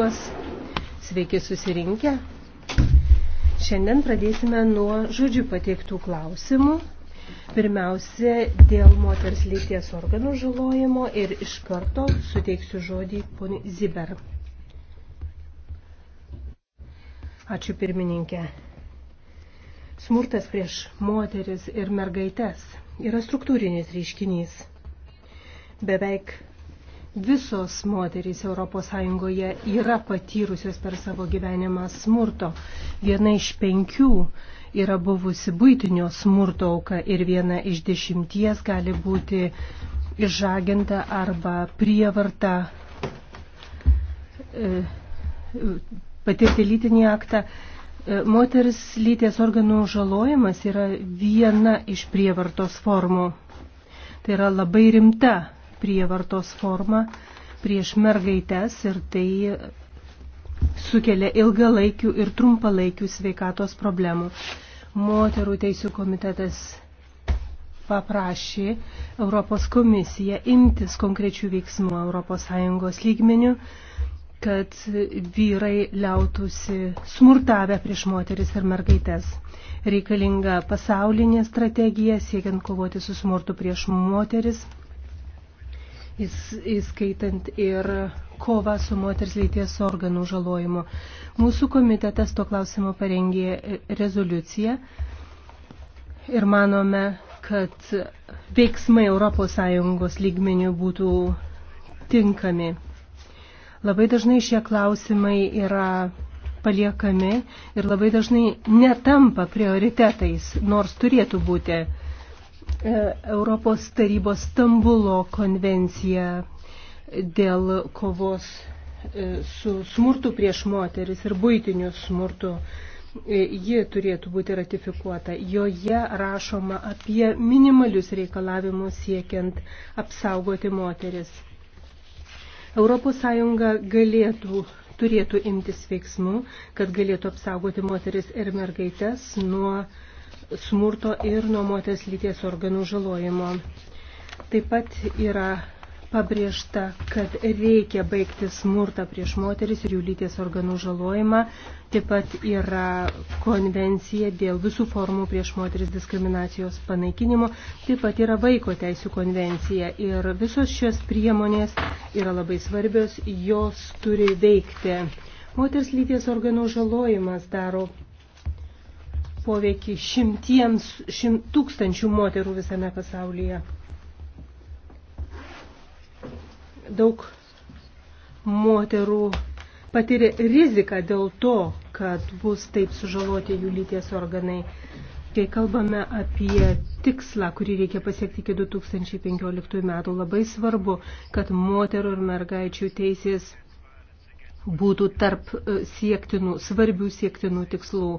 kolegos, sveiki susirinkę. Šiandien pradėsime nuo žodžių pateiktų klausimų. Pirmiausia, dėl moters lyties organų žalojimo ir iš karto suteiksiu žodį poni Ziber. Ačiū pirmininkė. Smurtas prieš moteris ir mergaites yra struktūrinis reiškinys. Beveik Visos moterys ES yra patyrusios per savo gyvenimą smurto. Viena iš penkių yra buvusi būtinio smurto auka ir viena iš dešimties gali būti išžaginta arba prievarta e, patirti lytinį aktą. E, Moters lyties organų žalojimas yra viena iš prievartos formų. Tai yra labai rimta prievartos forma prieš mergaites ir tai sukelia ilgalaikių ir trumpalaikių sveikatos problemų. Moterų teisų komitetas paprašė Europos komisiją imtis konkrečių veiksmų ES lygmenių, kad vyrai liautųsi smurtavę prieš moteris ir mergaites. Reikalinga pasaulinė strategija siekiant kovoti su smurtu prieš moteris įskaitant ir kovą su moters lyties organų žalojimu. Mūsų komitetas to klausimo parengė rezoliuciją ir manome, kad veiksmai ES lygmenių būtų tinkami. Labai dažnai šie klausimai yra paliekami ir labai dažnai netampa prioritetais, nors turėtų būti. E, Europos tarybos Stambulo konvencija dėl kovos e, su smurtu prieš moteris ir būtiniu smurtu. E, ji turėtų būti ratifikuota. Joje rašoma apie minimalius reikalavimus siekiant apsaugoti moteris. ES galėtų, turėtų imtis veiksmų, kad galėtų apsaugoti moteris ir mergaitės nuo uh, smurto ir nuomotės lyties organų žalojimo. Taip pat yra pabrėžta, kad reikia baigti smurtą prieš moteris ir jų lyties organų žalojimą. Taip pat yra konvencija dėl visų formų prieš moteris diskriminacijos panaikinimo. Taip pat yra vaiko teisų konvencija. Ir visos šios priemonės yra labai svarbios, jos turi veikti. Moters lyties organų žalojimas daro poveikį šimtiems, šimt tūkstančių moterų visame pasaulyje. Daug moterų patiria riziką dėl to, kad bus taip sužaloti jų lyties organai. Kai kalbame apie tikslą, kurį reikia pasiekti iki 2015 metų, labai svarbu, kad moterų ir mergaičių teisės būtų tarp e, siektinų, svarbių siektinų tikslų.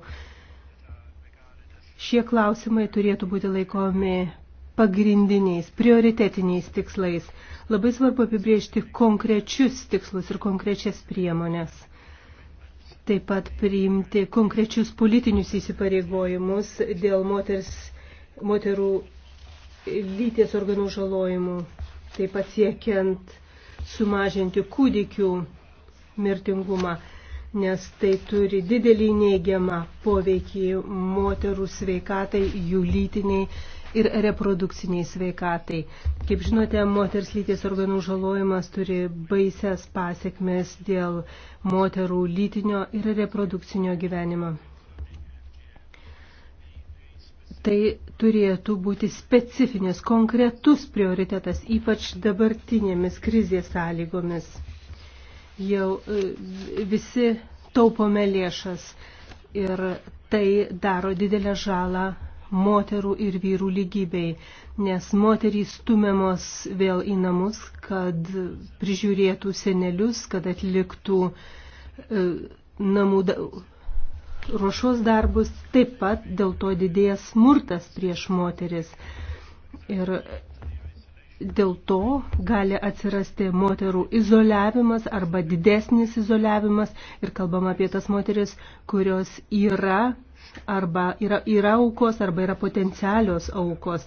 Šie klausimai turėtų būti laikomi pagrindiniais, prioritetiniais tikslais. Labai svarbu apibriežti konkrečius tikslus ir konkrečias priemonės. Taip pat priimti konkrečius politinius įsipareigojimus dėl moters, moterų lyties organų žalojimų, taip pat siekiant sumažinti kūdikių mirtingumą nes tai turi didelį neigiamą poveikį moterų sveikatai, jų lytiniai ir reprodukciniai sveikatai. Kaip žinote, moters lyties organų žalojimas turi baises pasiekmes dėl moterų lytinio ir reprodukcinio gyvenimo. Tai turėtų būti specifinis, konkretus prioritetas, ypač dabartinėmis krizės sąlygomis jau e, visi taupome lėšas ir tai daro didelę žalą moterų ir vyrų lygybei, nes moterys stumiamos vėl į namus, kad prižiūrėtų senelius, kad atliktų e, namų ruošos darbus, taip pat dėl to didėja smurtas prieš moteris. Ir Dėl to gali atsirasti moterų izoliavimas arba didesnis izoliavimas ir kalbam apie tas moteris, kurios yra arba yra, yra aukos arba yra potencialios aukos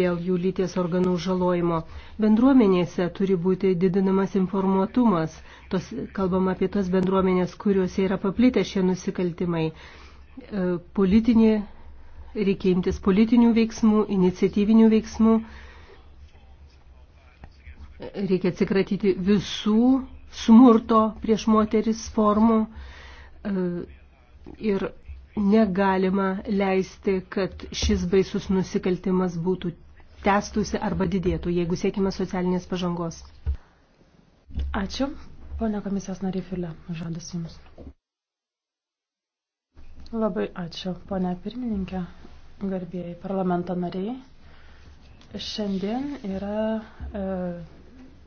dėl jų lyties organų žalojimo. Bendruomenėse turi būti didinamas informuotumas, tos, kalbam apie tas bendruomenės, kuriuose yra paplitę šie nusikaltimai. E, politinė, reikia imtis politinių veiksmų, iniciatyvinių veiksmų Reikia atsikratyti visų smurto prieš moteris formų e, ir negalima leisti, kad šis baisus nusikaltimas būtų testusi arba didėtų, jeigu siekime socialinės pažangos. Ačiū. Pone komisijos narė Filė, žodis Jums. Labai ačiū, pone pirmininkė, garbėjai parlamento nariai. Šiandien yra e,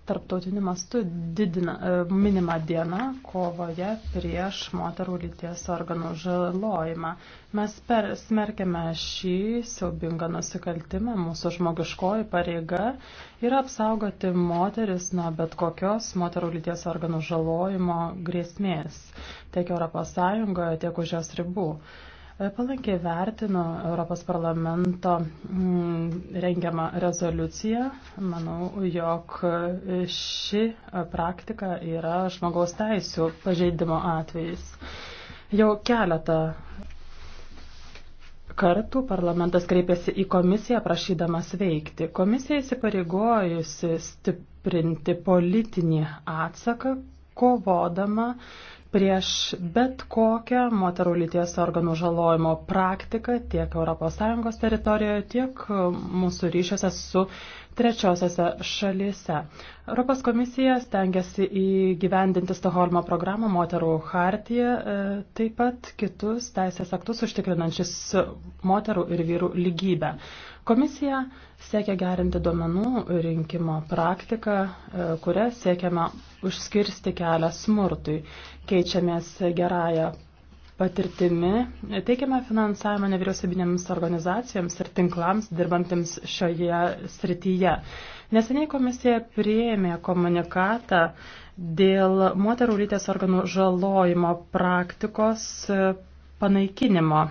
tarptautiniu mastu didina, e, minima diena kovoje prieš moterų lyties organų žalojimą. Mes per, smerkėme šį siaubingą nusikaltimą. Mūsų žmogiškoji pareiga yra apsaugoti moteris nuo bet kokios moterų lyties organų žalojimo grėsmės tiek ES, tiek už jos ribų palankiai vertinu Europos parlamento mm, rengiamą rezoliuciją. Manau, jog ši praktika yra žmogaus teisų pažeidimo atvejais. Jau keletą kartų parlamentas kreipėsi į komisiją prašydamas veikti. Komisija įsipareigojusi stiprinti politinį atsaką, kovodama uh, prieš bet kokią moterų lyties organų žalojimo praktiką tiek ES teritorijoje, tiek mūsų ryšiuose su trečiosiose šalyse. Europos komisija stengiasi įgyvendinti Stoholmo programą moterų hartiją, e, taip pat kitus teisės aktus užtikrinančius moterų ir vyrų lygybę. Komisija siekia gerinti duomenų rinkimo praktiką, e, kuria siekiama užskirsti kelią smurtui. Keičiamės gerąją patirtimi teikiame finansavimą nevyriausybinėms organizacijoms ir tinklams dirbantiems šioje srityje. Neseniai komisija priėmė komunikatą dėl moterų lytės organų žalojimo praktikos panaikinimo.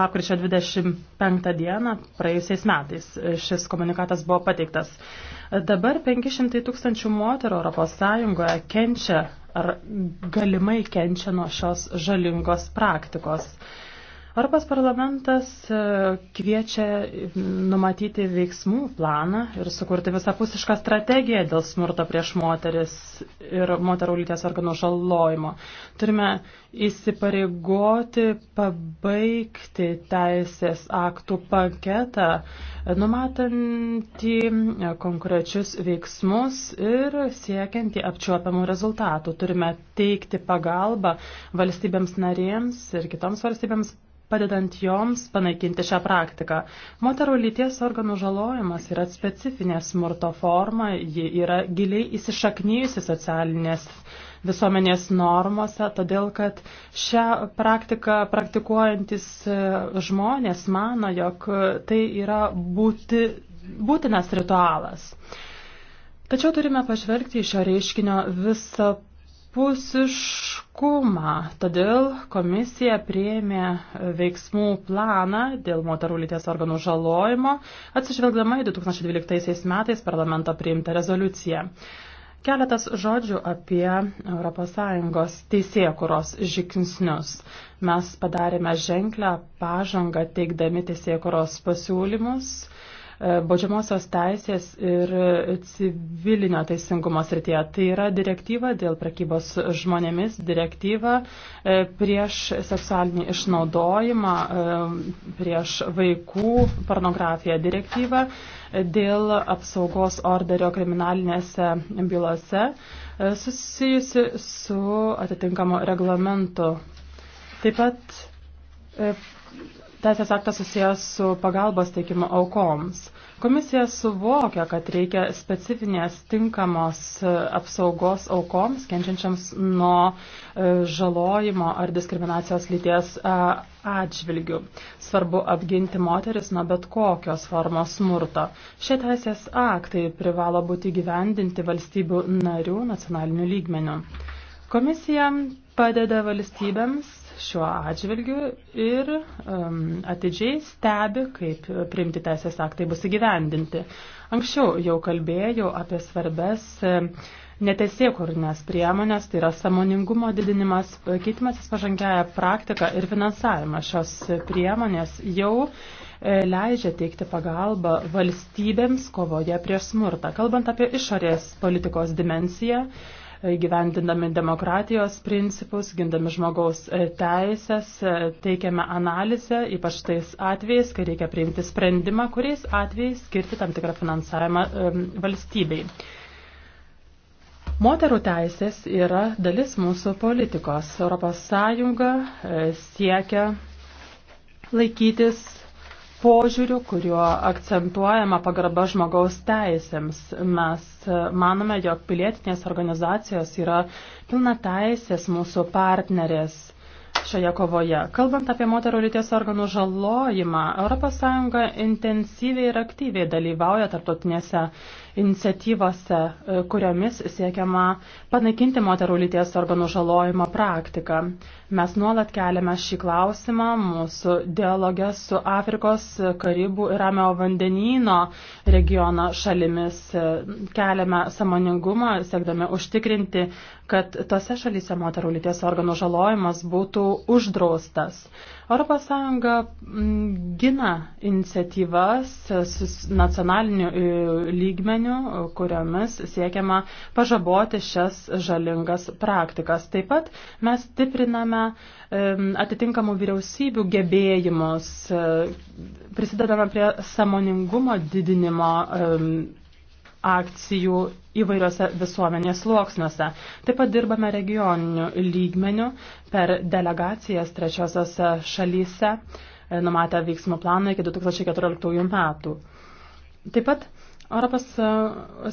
Lapkričio 25 dieną praėjusiais metais šis komunikatas buvo pateiktas. Dabar 500 tūkstančių moterų ES kenčia ar galimai kenčia nuo šios žalingos praktikos. Europos parlamentas e, kviečia numatyti veiksmų planą ir sukurti visapusišką strategiją dėl smurto prieš moteris ir moterų lyties organų žalojimo. Turime įsipareigoti pabaigti teisės aktų paketą, numatantį konkrečius veiksmus ir siekiantį apčiuopiamų rezultatų. Turime teikti pagalbą valstybėms narėms ir kitoms valstybėms padedant joms panaikinti šią praktiką. Moterų lyties organų žalojimas yra specifinė smurto forma, ji yra giliai įsišaknyjusi socialinės visuomenės normose, todėl kad šią praktiką praktikuojantis e, žmonės mano, jog tai yra būti, būtinas ritualas. Tačiau turime pažvelgti į šio reiškinio visą pusiškumą. Todėl komisija prieėmė veiksmų planą dėl moterų lyties organų žalojimo, atsižvelgdama į 2012 metais parlamento priimtą rezoliuciją. Keletas žodžių apie ES teisėkuros žingsnius. Mes padarėme ženklę pažangą teikdami teisėkuros pasiūlymus. E, baudžiamosios teisės ir civilinio teisingumo srityje. Tai yra direktyva dėl prekybos žmonėmis, direktyva e, prieš seksualinį išnaudojimą, e, prieš vaikų pornografiją, direktyva dėl apsaugos orderio kriminalinėse bylose susijusi su atitinkamu reglamentu. Taip pat teisės aktas susijęs su pagalbos teikimu aukoms. Komisija suvokia, kad reikia specifinės tinkamos e, apsaugos aukoms, kenčiančiams nuo e, žalojimo ar diskriminacijos lyties e, atžvilgių. Svarbu apginti moteris nuo bet kokios formos smurto. Šie teisės aktai privalo būti gyvendinti valstybių narių nacionalinių lygmenių. Komisija padeda valstybėms šiuo atžvilgiu ir um, atidžiai stebi, kaip priimti teisės aktai bus įgyvendinti. Anksčiau jau kalbėjau apie svarbes um, netesėkurinės priemonės, tai yra samoningumo didinimas, keitimasis pažangiaja praktika ir finansavimas. Šios priemonės jau e, leidžia teikti pagalbą valstybėms kovoje prieš smurtą. Kalbant apie išorės politikos dimensiją, gyvendindami demokratijos principus, gindami žmogaus e, teisės, e, teikiame analizę, ypač tais atvejais, kai reikia priimti sprendimą, kuriais atvejais skirti tam tikrą finansavimą valstybei. Moterų teisės yra dalis mūsų politikos. Europos Sąjunga e, siekia laikytis požiūriu, kuriuo akcentuojama pagarba žmogaus teisėms. Mes e, manome, jog pilietinės organizacijos yra pilna teisės mūsų partnerės šioje kovoje. Kalbant apie moterų lyties organų žalojimą, ES intensyviai ir aktyviai dalyvauja tarptautinėse iniciatyvose, e, kuriomis siekiama panaikinti moterų lyties organų žalojimo praktiką. Mes nuolat keliame šį klausimą mūsų dialogę su Afrikos, Karibų ir Ramio vandenyno regiono šalimis. E, keliame samoningumą, siekdami užtikrinti kad tose šalyse moterų lyties organų žalojimas būtų uždraustas. ES mm, gina iniciatyvas nacionaliniu e, lygmeniu, kuriomis siekiama pažaboti šias žalingas praktikas. Taip pat mes stipriname e, atitinkamų vyriausybių gebėjimus, e, prisidedame prie samoningumo didinimo akcijų įvairiose visuomenės sluoksniuose. Taip pat dirbame regioniniu lygmeniu per delegacijas trečiosiose šalyse, e, numatę veiksmų planą iki 2014 metų. Taip pat Europos e,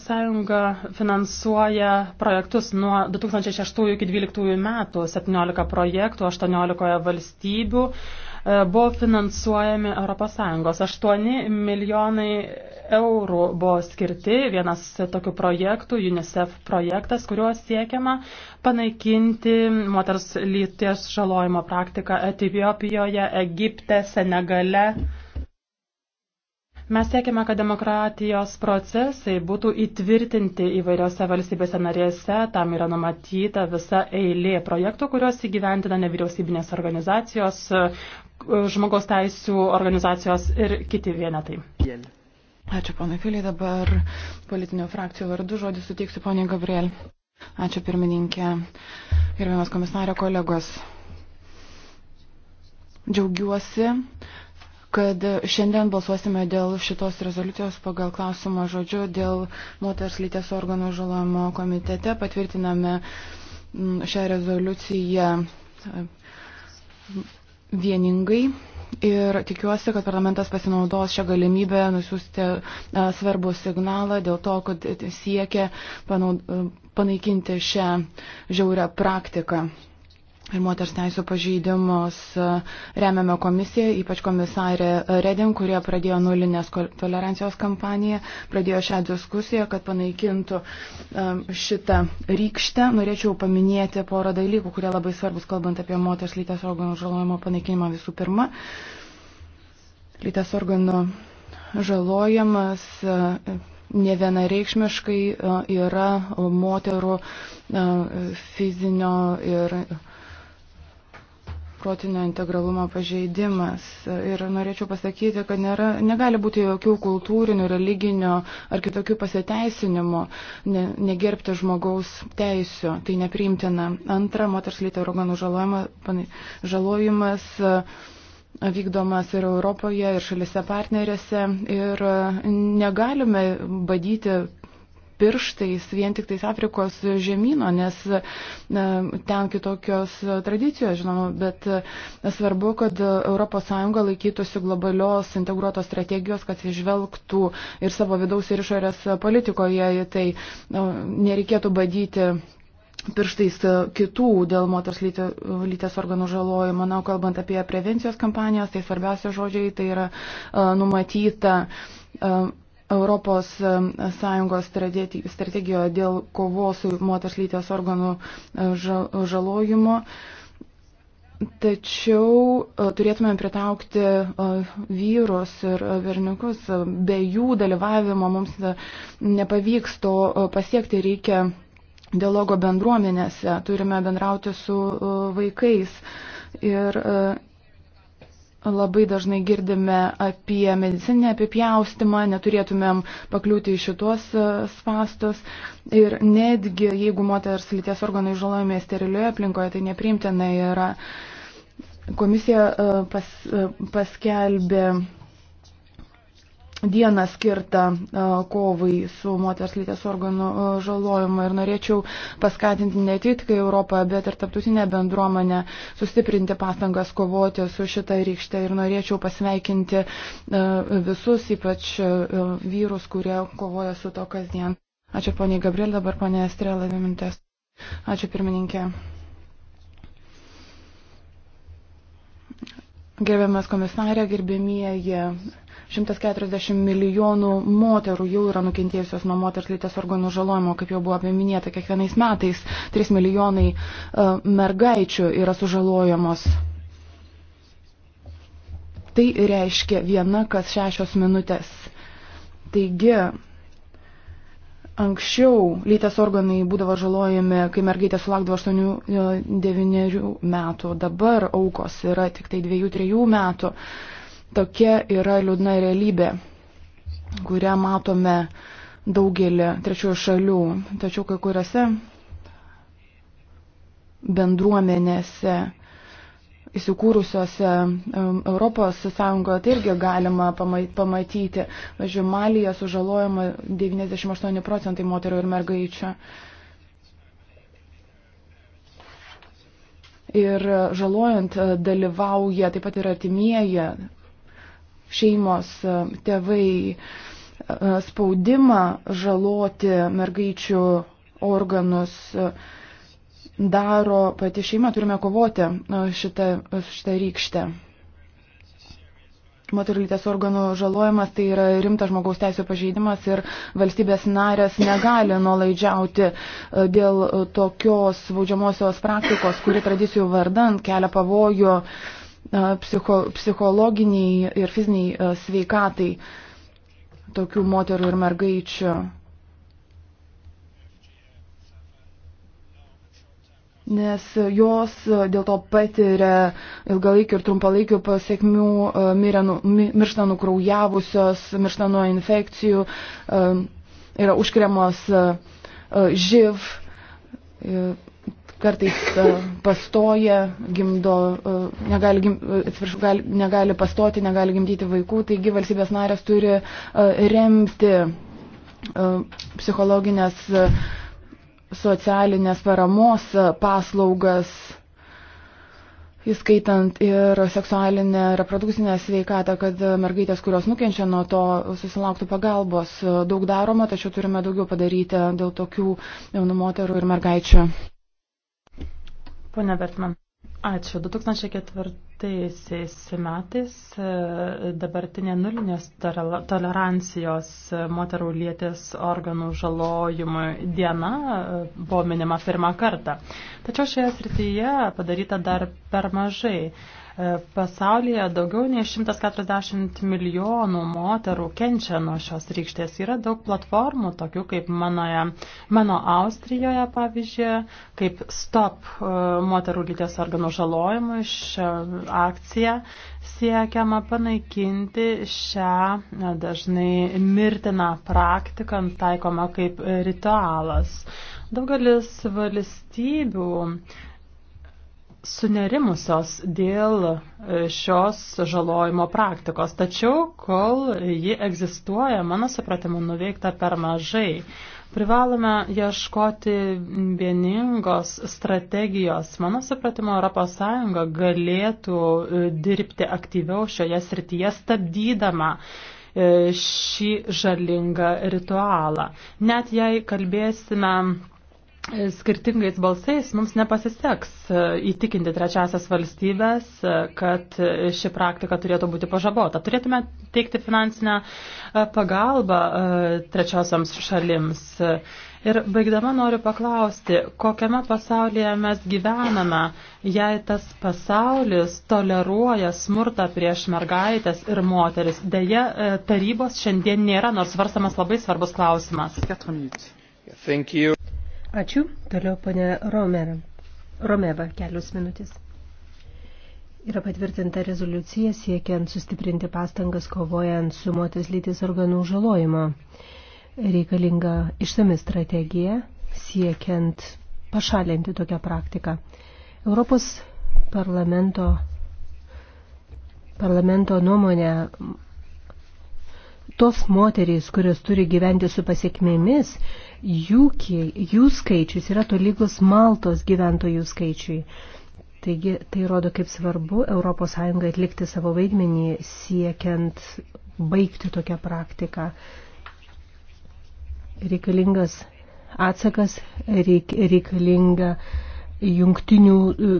Sąjunga finansuoja projektus nuo 2006 iki 2012 metų, 17 projektų 18 valstybių E, buvo finansuojami ES. 8 milijonai eurų buvo skirti vienas tokių projektų, UNICEF projektas, kuriuo siekiama panaikinti moters lyties žalojimo praktiką Etijopijoje, Egipte, Senegale. Mes siekime, kad demokratijos procesai būtų įtvirtinti įvairiose valstybėse narėse, tam yra numatyta visa eilė projektų, kuriuos įgyventina nevyriausybinės organizacijos, žmogaus teisų organizacijos ir kiti vienetai. Ačiū, ponai Filiai. Dabar politinių frakcijų vardu žodį suteiksiu poniai Gabriel. Ačiū, pirmininkė. Gerbiamas komisario kolegos. Džiaugiuosi, kad šiandien balsuosime dėl šitos rezoliucijos pagal klausimą žodžiu dėl moters lyties organų žalojimo komitete. Patvirtiname šią rezoliuciją vieningai ir tikiuosi, kad parlamentas pasinaudos šią galimybę nusiųsti e, svarbų signalą dėl to, kad siekia e, panaikinti šią žiaurę praktiką ir moters teisų pažeidimus e, remiame komisiją, ypač komisarė Redin, kurie pradėjo nulinės tolerancijos kampaniją, pradėjo šią diskusiją, kad panaikintų e, šitą rykštę. Norėčiau paminėti porą dalykų, kurie labai svarbus, kalbant apie moters lytės organų žalojimo panaikinimą visų pirma. Lytės organų žalojamas e, nevienareikšmiškai yra moterų fizinio ir protinio integralumo pažeidimas. Ir norėčiau pasakyti, kad nėra, negali būti jokių kultūrinių, religinio ar kitokių pasiteisinimų ne, negerbti žmogaus teisų. Tai nepriimtina. Antra, moters lytė organų žalojimas e, vykdomas ir Europoje, ir šalise partnerėse. Ir negalime badyti pirštais vien tik tais Afrikos žemyno, nes ten kitokios tradicijos, žinoma, bet svarbu, kad ES laikytųsi globalios integruotos strategijos, kad išvelgtų ir savo vidaus ir išorės politikoje, tai nereikėtų badyti pirštais kitų dėl moters lytės organų žalojimo. Na, kalbant apie prevencijos kampanijas, tai svarbiausia žodžiai tai yra numatyta ES strategijoje dėl kovos su moters lytės organų e, žalojimo. Tačiau e, turėtume pritaukti e, vyrus ir vernikus. Be jų dalyvavimo mums nepavyks to pasiekti. Reikia dialogo bendruomenėse, turime bendrauti su vaikais. Ir Labai dažnai girdime apie medicinę apipjaustimą, neturėtumėm pakliūti į šitos e, spastus. Ir netgi jeigu moters lyties organai žalojami sterilioje aplinkoje, tai nepriimtina yra. Komisija e, pas, e, paskelbė dieną skirtą e, kovai su moters lytės organų e, žalojimu ir norėčiau paskatinti ne tik Europą, bet ir taptutinę bendruomenę sustiprinti pastangas kovoti su šita rykšte ir norėčiau pasveikinti e, visus, ypač vyrus, kurie kovoja su to kasdien. Ačiū poniai Gabriel, dabar ponia Estrela, dvi minutės. Ačiū pirmininkė. Gerbiamas komisarė, gerbėmieji 140 milijonų moterų jau yra nukentėjusios nuo moters lytės organų žalojimo, kaip jau buvo paminėta, kiekvienais metais 3 milijonai e, mergaičių yra sužalojamos. Tai reiškia viena kas šešios minutės. Taigi, anksčiau lytės organai būdavo žalojami, kai mergaitė sulaukdavo 8-9 e, metų, dabar aukos yra tik tai 2-3 metų. Uh, Tokia yra liūdna realybė, kurią matome daugelį trečiųjų šalių. Tačiau kai kuriuose bendruomenėse įsikūrusiuose Europos Sąjungoje tai irgi galima pamatyti. Važiuoju, Malija sužalojama 98 procentai moterų ir mergaičių. Ir žalojant e, dalyvauja taip pat ir artimieji šeimos, e, tėvai e, spaudimą žaloti mergaičių organus e, daro pati šeima, turime kovoti šitą, šitą rykštę. Moterų lytės organų žalojimas tai yra rimtas žmogaus teisų pažeidimas ir valstybės narės negali nuolaidžiauti dėl tokios vaudžiamosios praktikos, kuri tradicijų vardant kelia pavojų uh, psicho, psichologiniai ir fiziniai sveikatai tokių moterų ir mergaičių. Nes jos dėl to patiria ilgalaikių ir trumpalaikių pasiekmių, nu, miršta nukraujavusios, miršta nuo infekcijų, yra užkriamos živ kartais e, pastoja, gimdo, e, negali, gim, e, atsiprašau, gali, negali pastoti, negali gimdyti vaikų, taigi valstybės narės turi remti psichologinės socialinės paramos paslaugas įskaitant ir seksualinę reprodukcinę sveikatą, kad mergaitės, kurios nukenčia nuo to, susilauktų pagalbos. Daug daroma, tačiau turime daugiau padaryti dėl tokių jaunų moterų ir mergaičių. Pone Vertman, ačiū. 2004 metais e, dabartinė nulinės tolerancijos moterų lietės organų žalojimui diena e, buvo minima pirmą kartą. Tačiau šioje srityje padaryta dar per mažai. Pasaulyje daugiau nei 140 milijonų moterų kenčia nuo šios rykštės. Yra daug platformų, tokių kaip manoje, mano Austrijoje, pavyzdžiui, kaip Stop e, moterų lyties organų žalojimui. Šią akciją siekiama panaikinti šią e, dažnai mirtiną praktiką, taikoma kaip ritualas. Daugelis valstybių sunerimusios dėl e, šios žalojimo praktikos, tačiau kol ji egzistuoja, mano supratimu, nuveikta per mažai. Privalome ieškoti vieningos strategijos. Mano supratimo, ES galėtų e, dirbti aktyviau šioje srityje, stabdydama e, šį žalingą ritualą. Net jei kalbėsime skirtingais balsais mums nepasiseks e, įtikinti trečiasias valstybės, e, kad ši praktika turėtų būti pažabota. Turėtume teikti finansinę e, pagalbą trečiosiams šalims. Ir baigdama noriu paklausti, kokiame pasaulyje mes gyvename, jei tas pasaulis toleruoja smurtą prieš mergaitės ir moteris. Deja, tarybos šiandien nėra, nors svarstamas labai svarbus klausimas. Thank you. Ačiū. Toliau ponė Romera. Romeva, kelios minutės. Yra patvirtinta rezoliucija siekiant sustiprinti pastangas kovojant su moters lytis organų žalojimo. Reikalinga išsami strategija siekiant pašalinti tokią praktiką. Europos parlamento, parlamento nuomonė tos moterys, kurios turi gyventi su pasiekmėmis, Jų, jų skaičius yra tolygus Maltos gyventojų skaičiui. Taigi tai rodo, kaip svarbu ES atlikti savo vaidmenį siekiant baigti tokią praktiką. Reikalingas atsakas, reik, reikalinga jungtinių e,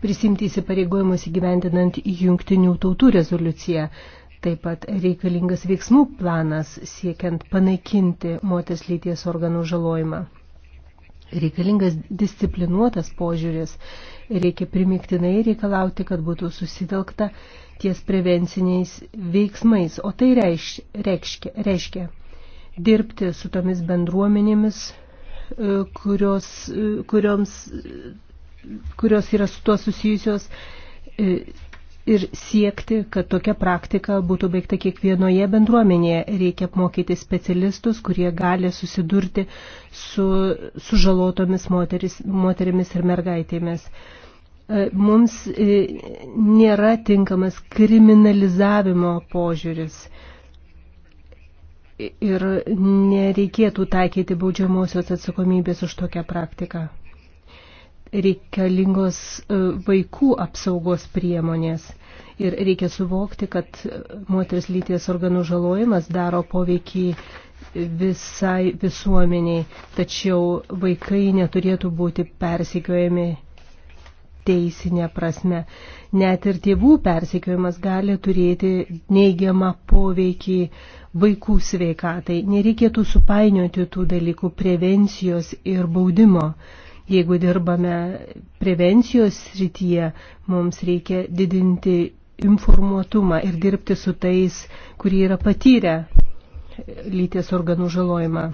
prisimti įsipareigojimus įgyvendinant jungtinių tautų rezoliuciją. Taip pat reikalingas veiksmų planas siekiant panaikinti moters lyties organų žalojimą. Reikalingas disciplinuotas požiūris, reikia primiktinai reikalauti, kad būtų susitelkta ties prevenciniais veiksmais, o tai reiš, reiškia, reiškia dirbti su tomis bendruomenėmis, e, kurios, e, kurioms, e, kurios yra su tuo susijusios, ir siekti, kad tokia praktika būtų baigta kiekvienoje bendruomenėje. Reikia apmokyti specialistus, kurie gali susidurti su sužalotomis moteris, moterimis ir mergaitėmis. E, mums e, nėra tinkamas kriminalizavimo požiūris. Ir nereikėtų taikyti baudžiamosios atsakomybės už tokią praktiką reikalingos e, vaikų apsaugos priemonės. Ir reikia suvokti, kad moters lyties organų žalojimas daro poveikį visai visuomeniai, tačiau vaikai neturėtų būti persikiojami teisinė prasme. Net ir tėvų persikiojimas gali turėti neigiamą poveikį vaikų sveikatai. Nereikėtų supainioti tų dalykų prevencijos ir baudimo. Jeigu dirbame prevencijos srityje, mums reikia didinti informuotumą ir dirbti su tais, kurie yra patyrę lyties organų žalojimą.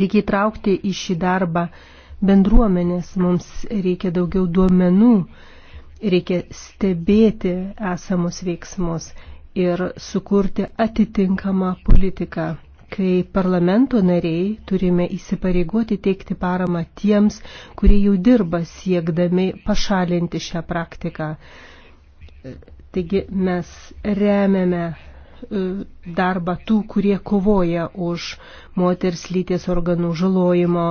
Reikia įtraukti į šį darbą bendruomenės, mums reikia daugiau duomenų, reikia stebėti esamus veiksmus ir sukurti atitinkamą politiką kai parlamento nariai turime įsipareigoti teikti paramą tiems, kurie jau dirba siekdami pašalinti šią praktiką. Taigi mes remiame e, darbą tų, kurie kovoja už moters lyties organų žalojimo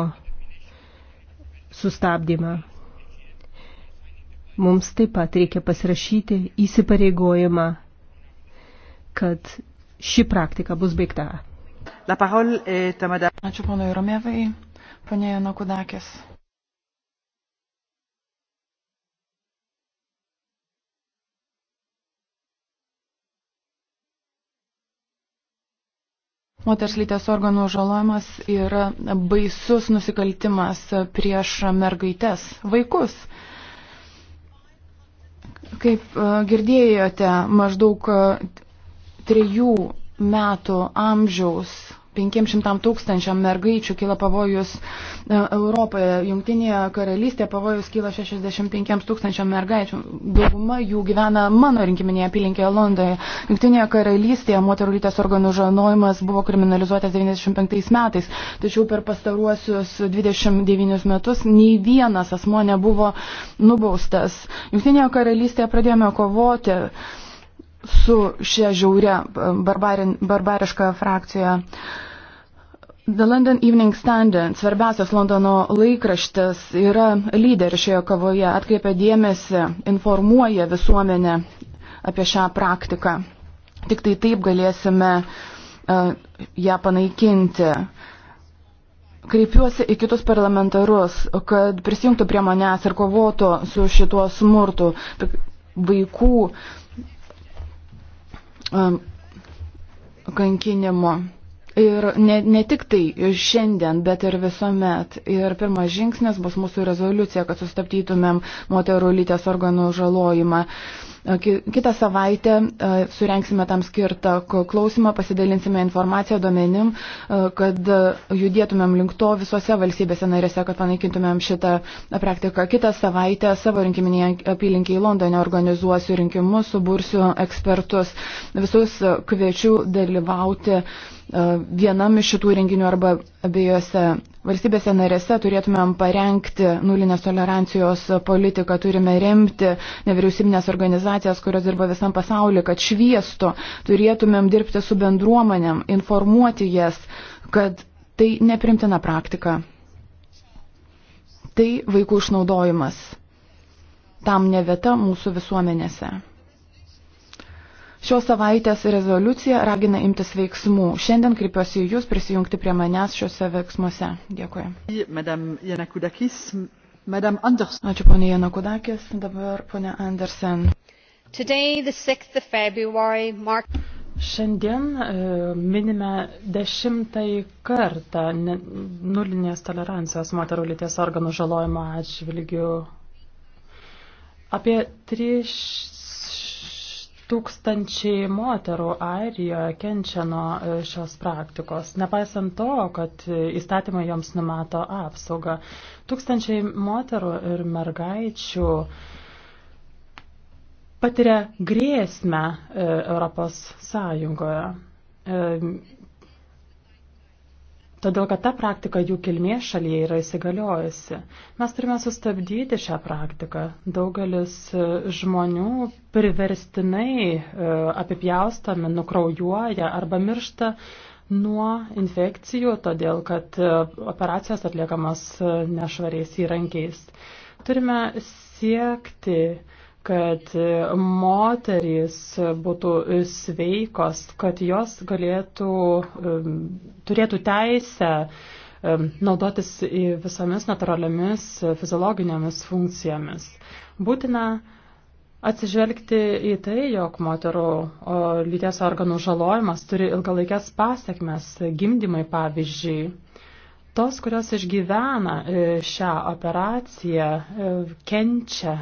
sustabdymą. Mums taip pat reikia pasirašyti įsipareigojimą, kad ši praktika bus baigta. Ačiū ponui Romėvai, ponė Janokudakis. Moters lytės organų žalojimas yra baisus nusikaltimas prieš mergaites, vaikus. Kaip e, girdėjote, maždaug e, trejų metų amžiaus 500 tūkstančiam mergaičių kyla pavojus e, Europoje, Jungtinėje karalystėje pavojus kyla 65 tūkstančiam mergaičių. Dauguma jų gyvena mano rinkiminėje apylinkėje Londoje. Jungtinėje karalystėje moterų lytės organų žanojimas buvo kriminalizuotas 95 metais, tačiau per pastaruosius 29 metus nei vienas asmo nebuvo nubaustas. Jungtinėje karalystėje pradėjome kovoti su šia žiauria barbariška frakcija. The London Evening Standard, svarbiausias Londono laikraštis, yra lyderis šioje kovoje, atkreipia dėmesį, informuoja visuomenę apie šią praktiką. Tik tai taip galėsime uh, ją panaikinti. Kreipiuosi į kitus parlamentarus, kad prisijungtų prie manęs ir kovotų su šituo smurtu vaikų kankinimo. Ir ne, ne tik tai šiandien, bet ir visuomet. Ir pirmas žingsnis bus mūsų rezoliucija, kad sustabdytumėm moterų lytės organų žalojimą. Kitą savaitę surenksime tam skirtą klausimą, pasidalinsime informaciją domenim, kad judėtumėm link to visose valstybėse narėse, kad panaikintumėm šitą praktiką. Kitą savaitę savo rinkiminėje apylinkėje Londone organizuosiu rinkimus, subursiu ekspertus. Visus kviečiu dalyvauti. E, vienam iš šitų renginių arba abiejose valstybėse narėse turėtumėm parengti nulinės tolerancijos politiką, turime remti nevyriausybinės organizacijas, kurios dirba visam pasauliu, kad šviesto, turėtumėm dirbti su bendruomenėm, informuoti jas, kad tai neprimtina praktika. Tai vaikų išnaudojimas. Tam ne vieta mūsų visuomenėse. Šios savaitės rezoliucija ragina imtis veiksmų. Šiandien kreipiuosi į Jūs prisijungti prie manęs šiuose veiksmuose. Dėkui. Ačiū ponė Janakudakis, dabar ponė Andersen. Today, February, mark... Šiandien e, minime dešimtąjį kartą nulinės tolerancijos moterų lyties organų žalojimo atžvilgių. Apie 3 Tūkstančiai moterų Airijoje kenčia nuo e, šios praktikos, nepaisant to, kad įstatymai joms numato apsaugą. Tūkstančiai moterų ir mergaičių patiria grėsmę e, Europos Sąjungoje. E, todėl kad ta praktika jų kilmės šalyje yra įsigaliojusi. Mes turime sustabdyti šią praktiką. Daugelis e, žmonių priverstinai e, apipjaustomi, nukraujuoja arba miršta nuo infekcijų, todėl kad e, operacijos atliekamas nešvariais įrankiais. Turime siekti kad moterys būtų sveikos, kad jos galėtų, um, turėtų teisę um, naudotis visomis natūraliomis fiziologinėmis funkcijomis. Būtina atsižvelgti į tai, jog moterų lyties organų žalojimas turi ilgalaikės pasiekmes, gimdymai pavyzdžiui. Tos, kurios išgyvena e, šią operaciją, e, kenčia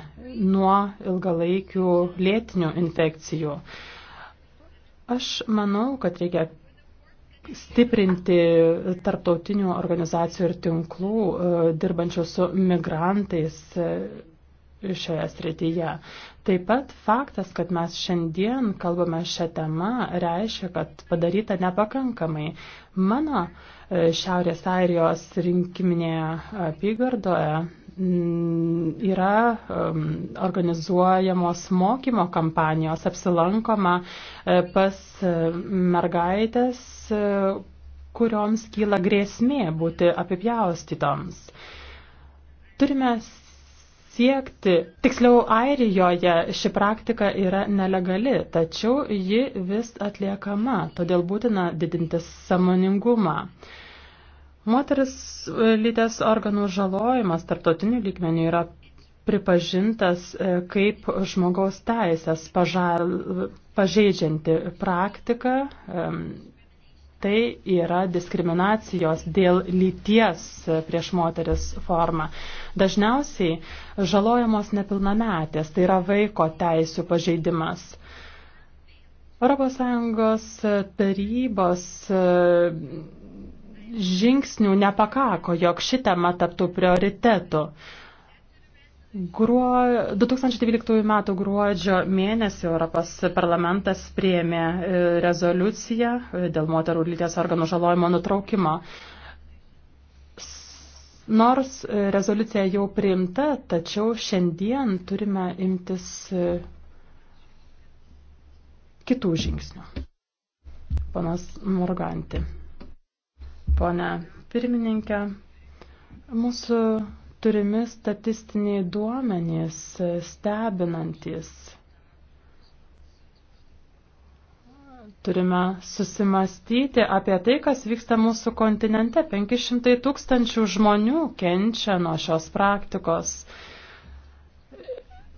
nuo ilgalaikių lėtinių infekcijų. Aš manau, kad reikia stiprinti tarptautinių organizacijų ir tinklų e, dirbančių su migrantais šioje srityje. Taip pat faktas, kad mes šiandien kalbame šią temą, reiškia, kad padaryta nepakankamai. Mano uh, E, Šiaurės Airijos rinkiminėje apygardoje mm, yra organizuojamos mokymo kampanijos, apsilankoma e, pas e, mergaitės, kurioms kyla grėsmė būti apipjaustytoms. Turime siekti, tiksliau Airijoje ši praktika yra nelegali, tačiau ji vis atliekama, todėl būtina didinti samoningumą. Moteris e, lytės organų žalojimas tarptautiniu lygmeniu yra pripažintas e, kaip žmogaus teisės pažeidžianti praktika tai yra diskriminacijos dėl lyties prieš moteris forma. Dažniausiai žalojamos nepilnametės, tai yra vaiko teisų pažeidimas. ES tarybos e, žingsnių nepakako, jog ši tema taptų prioritetu. Gruo, 2012 m. gruodžio mėnesį Europos parlamentas priėmė e, rezoliuciją e, dėl moterų lyties organų žalojimo nutraukimo. Nors e, rezoliucija jau priimta, tačiau šiandien turime imtis kitų žingsnių. Panas Morganti. Pone pirmininkė, mūsų turimi statistiniai duomenys e, stebinantis. Turime susimastyti apie tai, kas vyksta mūsų kontinente. 500 tūkstančių žmonių kenčia nuo šios praktikos.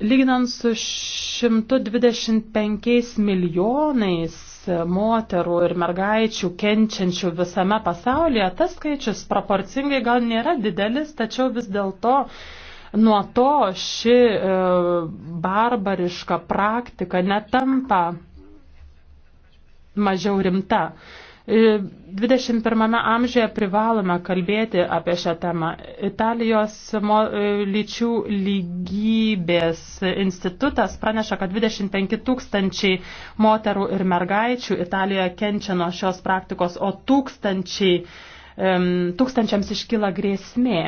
Lyginant su 125 milijonais moterų ir mergaičių kenčiančių visame pasaulyje, tas skaičius proporcingai gal nėra didelis, tačiau vis dėlto nuo to ši e, barbariška praktika netampa mažiau rimta. E, 21 e, amžiuje privalome kalbėti apie šią temą. Italijos e, lyčių lygybės institutas praneša, kad 25 tūkstančiai moterų ir mergaičių Italijoje kenčia nuo šios praktikos, o tūkstančiai, tūkstančiams iškyla grėsmė.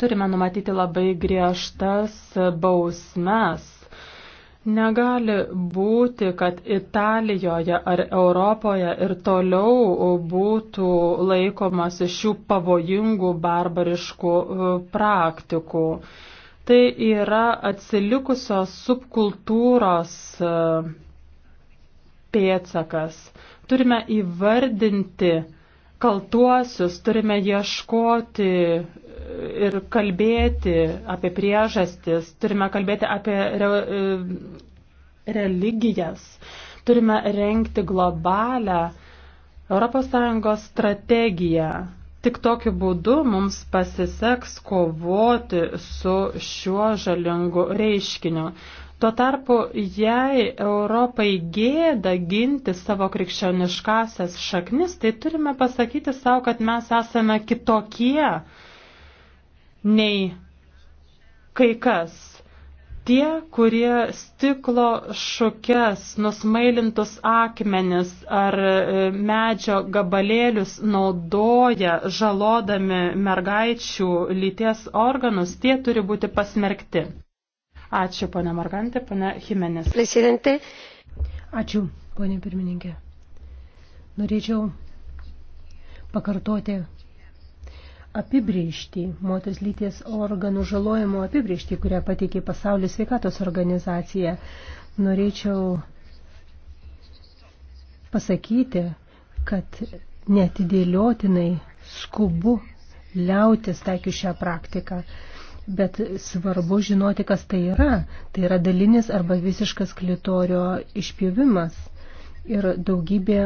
Turime numatyti labai griežtas bausmes Negali būti, kad Italijoje ar Europoje ir toliau būtų laikomasi šių pavojingų barbariškų e, praktikų. Tai yra atsilikusios subkultūros e, pėtsakas. Turime įvardinti kaltuosius, turime ieškoti ir kalbėti apie priežastis, turime kalbėti apie re, e, religijas, turime renkti globalę ES strategiją. Tik tokiu būdu mums pasiseks kovoti su šiuo žalingu reiškiniu. Tuo tarpu, jei Europai gėda ginti savo krikščioniškasias šaknis, tai turime pasakyti savo, kad mes esame kitokie nei kai kas. Tie, kurie stiklo šukes, nusmailintus akmenis ar e, medžio gabalėlius naudoja žalodami mergaičių lyties organus, tie turi būti pasmerkti. Ačiū, ponia Margantė, ponia Jimenez. Presidente. Ačiū, ponia pirmininkė. Norėčiau pakartoti apibriežtį, moters lyties organų žalojimo apibriežtį, kurią pateikė pasaulio sveikatos organizacija. Norėčiau pasakyti, kad netidėliotinai skubu liautis taikiu šią praktiką. Bet svarbu žinoti, kas tai yra. Tai yra dalinis arba visiškas klitorio išpjovimas. Ir daugybė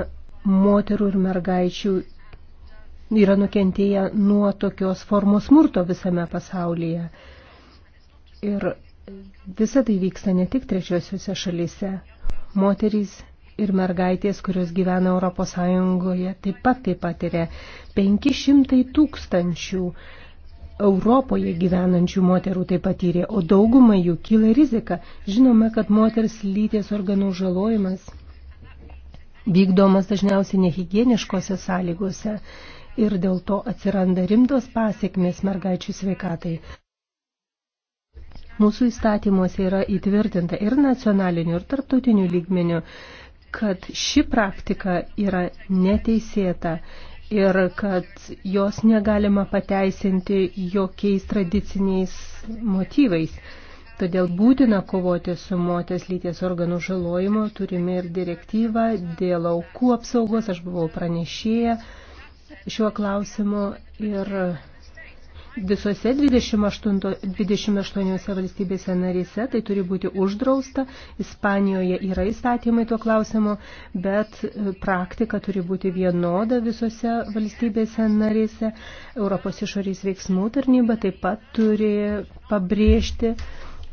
moterų ir mergaičių yra nukentėję nuo tokios formos smurto visame pasaulyje. Ir visa tai vyksta ne tik trečiosiuose šalyse. Moterys ir mergaitės, kurios gyvena Europos Sąjungoje, taip pat tai patiria 500 tūkstančių Europoje gyvenančių moterų tai patyrė, o daugumai jų kyla rizika. Žinome, kad moters lyties organų žalojimas vykdomas dažniausiai nehigieniškose sąlygose ir dėl to atsiranda rimtos pasiekmės mergaičių sveikatai. Mūsų įstatymuose yra įtvirtinta ir nacionaliniu, ir tarptautiniu lygmeniu, kad ši praktika yra neteisėta ir kad jos negalima pateisinti jokiais tradiciniais motyvais. Todėl būtina kovoti su moters lyties organų žalojimu, turime ir direktyvą dėl aukų apsaugos, aš buvau pranešėję šiuo klausimu ir visose 28, 28 valstybėse narėse tai turi būti uždrausta. Ispanijoje yra įstatymai tuo klausimu, bet e, praktika turi būti vienoda visose valstybėse narėse. Europos išorės veiksmų tarnyba taip pat turi pabrėžti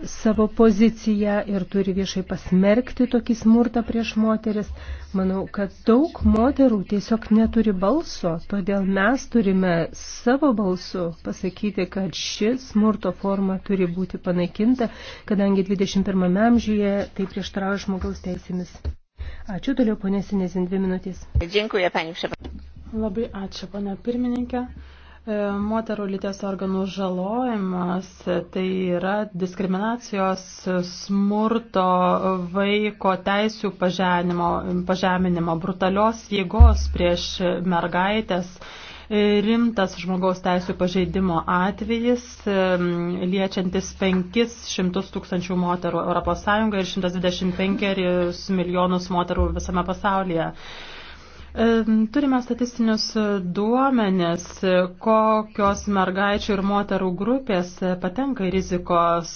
savo poziciją ir turi viešai pasmerkti tokį smurtą prieš moteris. Manau, kad daug moterų tiesiog neturi balso, todėl mes turime savo balsu pasakyti, kad ši smurto forma turi būti panaikinta, kadangi 21 amžiuje tai prieštarauja žmogaus teisėmis. Ačiū toliau, ponė Sinezin, dvi minutės. Dėkuoju, panė Labai ačiū, ponė pirmininkė. E, moterų lyties organų žalojimas tai yra diskriminacijos smurto vaiko teisių pažeminimo, brutalios jėgos prieš mergaitės, e, rimtas žmogaus teisių pažeidimo atvejis, e, liečiantis 500 tūkstančių moterų ES ir 125 milijonus moterų visame pasaulyje. Turime statistinius duomenis, kokios mergaičių ir moterų grupės patenka į rizikos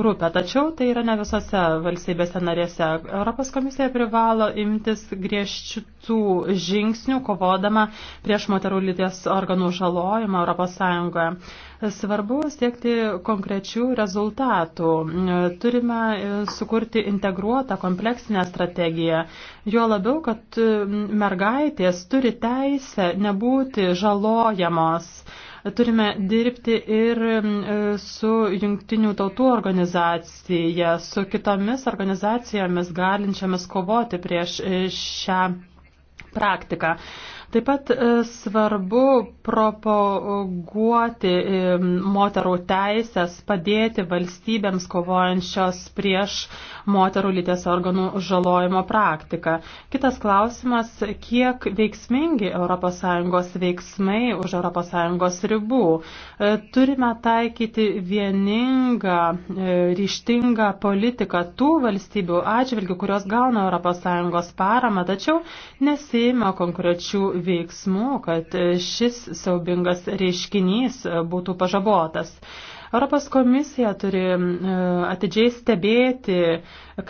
grupę, tačiau tai yra ne visose valstybėse narėse. Europos komisija privalo imtis griežtų žingsnių, kovodama prieš moterų lyties organų žalojimą Europos Sąjungoje. Svarbu siekti konkrečių rezultatų. Turime e, sukurti integruotą kompleksinę strategiją. Jo labiau, kad e, mergaitės turi teisę nebūti žalojamos turime dirbti ir e, su jungtinių tautų organizacija, su kitomis organizacijomis galinčiamis kovoti prieš šią praktiką. Taip pat e, svarbu propoguoti e, moterų teisės, padėti valstybėms kovojančios prieš moterų lytės organų žalojimo praktiką. Kitas klausimas, kiek veiksmingi ES veiksmai už ES ribų. E, turime taikyti vieningą, ryštingą politiką tų valstybių atžvilgių, kurios gauna ES paramą, tačiau nesėima konkrečių veiksmų, kad šis siaubingas reiškinys būtų pažabotas. Europos komisija turi e, atidžiai stebėti,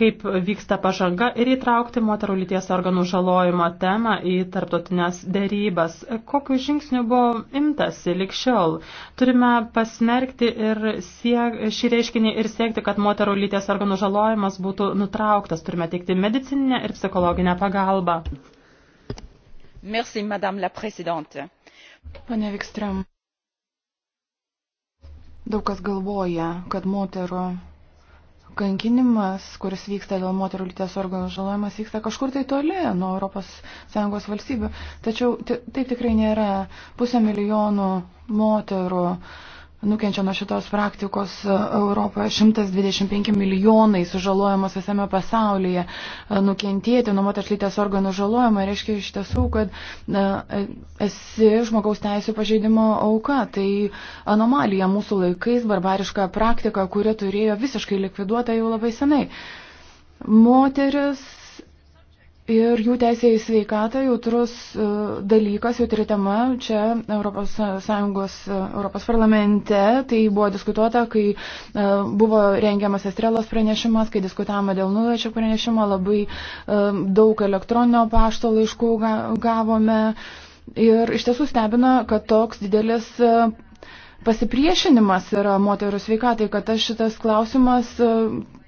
kaip vyksta pažanga ir įtraukti moterų lyties organų žalojimo temą į tarptautinės dėrybas. Kokiu žingsniu buvo imtasi likščiol? Turime pasmerkti ir siek, šį reiškinį ir siekti, kad moterų lyties organų žalojimas būtų nutrauktas. Turime teikti medicininę ir psichologinę pagalbą. Merci, madame la présidente. Pane Vikstrėm, daug kas galvoja, kad moterų kankinimas, kuris vyksta dėl moterų lyties organų žalojimas, vyksta kažkur tai toli nuo ES valstybių. Tačiau taip tikrai nėra. Pusę milijonų moterų uh, nukenčia nuo šitos praktikos e, Europoje 125 milijonai sužalojamos visame pasaulyje. E, nukentėti nuo moters lytės organų žalojimo reiškia iš tiesų, kad na, e, esi žmogaus teisų pažeidimo auka. Tai anomalija mūsų laikais, barbariška praktika, kuri turėjo visiškai likviduota jau labai senai. Moteris Ir jų teisė į sveikatą jautrus e, dalykas, jautri tema čia ES, ES e, parlamente. Tai buvo diskutuota, kai e, buvo rengiamas Estrelos pranešimas, kai diskutavome dėl nuvečio pranešimo, labai daug elektroninio pašto laiškų gavome. Ir iš tiesų stebina, kad toks didelis pasipriešinimas yra moterų sveikatai, kad šitas klausimas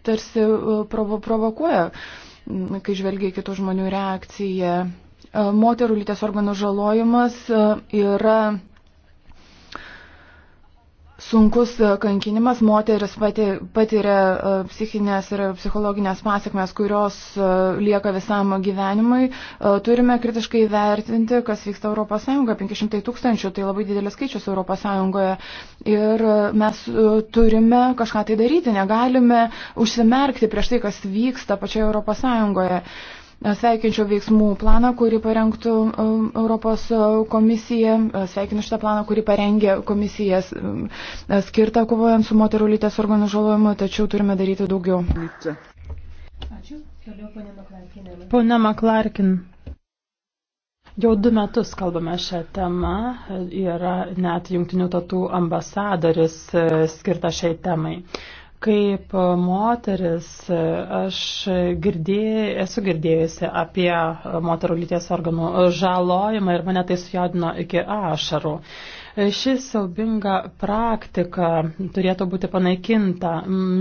tarsi provo provokuoja kai žvelgia į kitų žmonių reakciją. E, moterų lyties organų žalojimas e, yra sunkus e, kankinimas, moteris pati, patiria e, psichinės ir psichologinės pasiekmes, kurios e, lieka visam gyvenimui. Turime kritiškai vertinti, kas vyksta ES. 500 tūkstančių tai labai didelis skaičius ES. Ir mes turime kažką tai daryti, negalime užsimerkti prieš tai, kas vyksta pačioje ES sveikinčio veiksmų planą, kurį parengtų um, Europos uh, komisija. Sveikinu šitą planą, kurį parengė komisija um, skirta kovojant su moterų lytės organų žalojimu, tačiau turime daryti daugiau. Ačiū. Toliau ponia Maklarkin. Ponia Maklarkin. Jau du metus kalbame šią temą, yra net jungtinių tautų ambasadoris e, skirta šiai temai. Kaip moteris, aš girdėjau, esu girdėjusi apie moterų lyties organų žalojimą ir mane tai sujaudino iki ašarų. Ši siaubinga praktika turėtų būti panaikinta.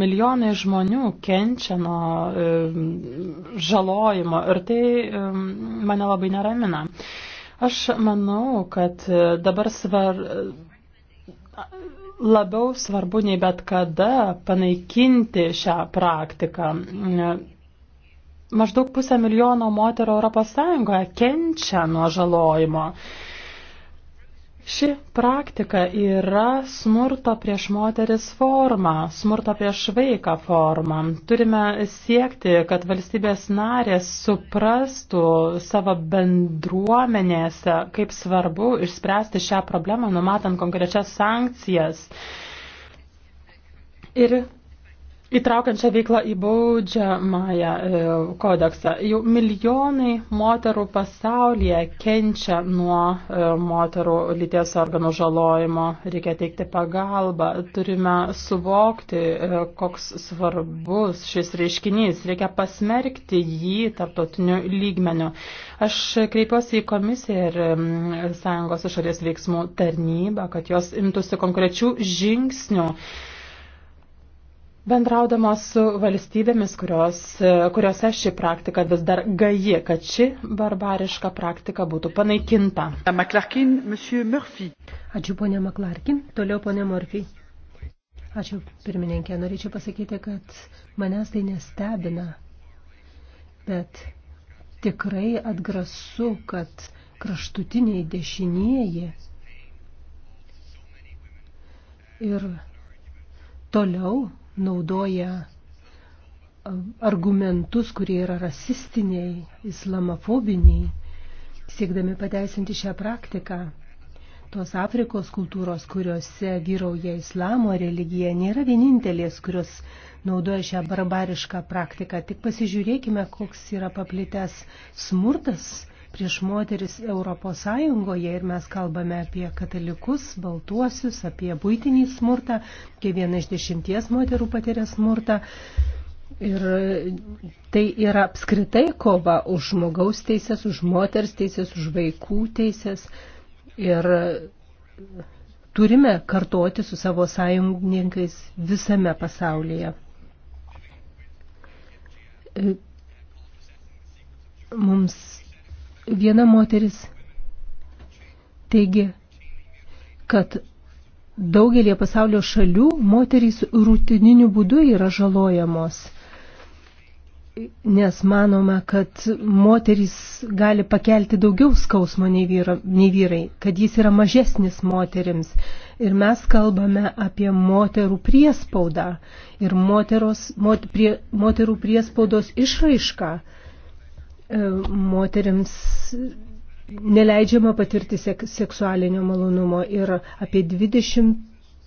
Milijonai žmonių kenčia nuo e, žalojimo ir tai e, mane labai neramina. Aš manau, kad dabar svar, labiau svarbu nei bet kada panaikinti šią praktiką. Maždaug pusę milijono moterų ES kenčia nuo žalojimo. Ši praktika yra smurto prieš moteris forma, smurto prieš vaiką forma. Turime siekti, kad valstybės narės suprastų savo bendruomenėse, kaip svarbu išspręsti šią problemą, numatant konkrečias sankcijas. Ir Įtraukiančią veiklą į baudžiamąją e, kodeksą. Jau milijonai moterų pasaulyje kenčia nuo e, moterų lyties organų žalojimo. Reikia teikti pagalbą. Turime suvokti, e, koks svarbus šis reiškinys. Reikia pasmerkti jį tarptautiniu lygmeniu. Aš kreipiuosi į komisiją ir Sąjungos išorės veiksmų tarnybą, kad jos imtųsi konkrečių žingsnių bendraudamos su valstybėmis, kurios, e, kuriuose ši praktika vis dar gaji, kad ši barbariška praktika būtų panaikinta. Ačiū, ponė Maklarkin. Toliau, ponė Murphy. Ačiū, pirmininkė. Norėčiau pasakyti, kad manęs tai nestebina, bet tikrai atgrasu, kad kraštutiniai dešinieji ir toliau naudoja argumentus, kurie yra rasistiniai, islamofobiniai, siekdami pateisinti šią praktiką. Tos Afrikos kultūros, kuriuose vyrauja islamo religija, nėra vienintelės, kurios naudoja šią barbarišką praktiką. Tik pasižiūrėkime, koks yra paplitęs smurtas prieš moteris Europos Sąjungoje ir mes kalbame apie katalikus, baltuosius, apie būtinį smurtą, kai viena iš dešimties moterų patiria smurtą. Ir tai yra apskritai kova už žmogaus teisės, už moters teisės, už vaikų teisės. Ir turime kartoti su savo sąjungininkais visame pasaulyje. Mums viena moteris teigia, kad daugelie pasaulio šalių moterys rutininiu būdu yra žalojamos, nes manoma, kad moterys gali pakelti daugiau skausmo nei, vyra, nei vyrai, kad jis yra mažesnis moterims. Ir mes kalbame apie moterų priespaudą ir moteros, mot, prie, moterų priespaudos išraišką E, moteriams neleidžiama patirti seksualinio malonumo ir apie 20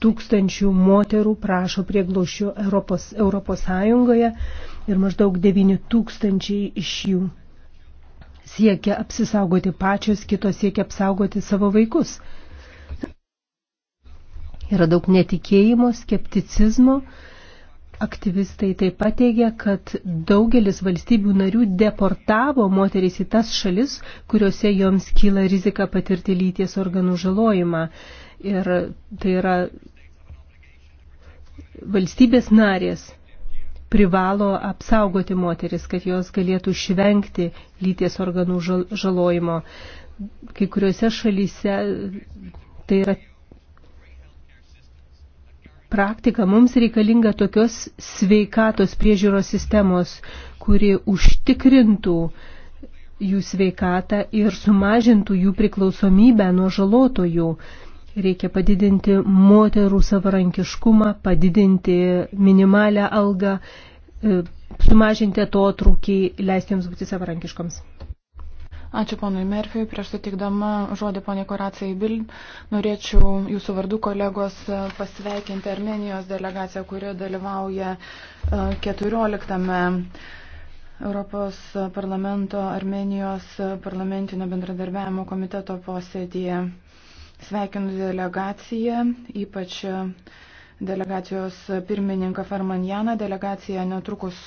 tūkstančių moterų prašo prieglošių Europos, Europos Sąjungoje ir maždaug 9 tūkstančiai iš jų siekia apsisaugoti pačios, kitos siekia apsaugoti savo vaikus. Yra daug netikėjimo, skepticizmo Aktyvistai taip pat teigia, kad daugelis valstybių narių deportavo moteris į tas šalis, kuriuose joms kyla rizika patirti lyties organų žalojimą. Ir tai yra valstybės narės privalo apsaugoti moteris, kad jos galėtų išvengti lyties organų žalojimo. Kai kuriuose šalyse tai yra praktiką, mums reikalinga tokios sveikatos priežiūros sistemos, kuri užtikrintų jų sveikatą ir sumažintų jų priklausomybę nuo žalotojų. Reikia padidinti moterų savarankiškumą, padidinti minimalę algą, e, sumažinti atotrūkį, leisti jiems būti savarankiškoms. Ačiū ponui Merfiui. Prieš sutikdama žodį poniai Koracijai Bil, norėčiau jūsų vardų kolegos pasveikinti Armenijos delegaciją, kuri dalyvauja 14. E, Europos parlamento Armenijos parlamentinio bendradarbiavimo komiteto posėdėje. Sveikinu delegaciją, ypač delegacijos pirmininką Farmanjaną. Delegacija netrukus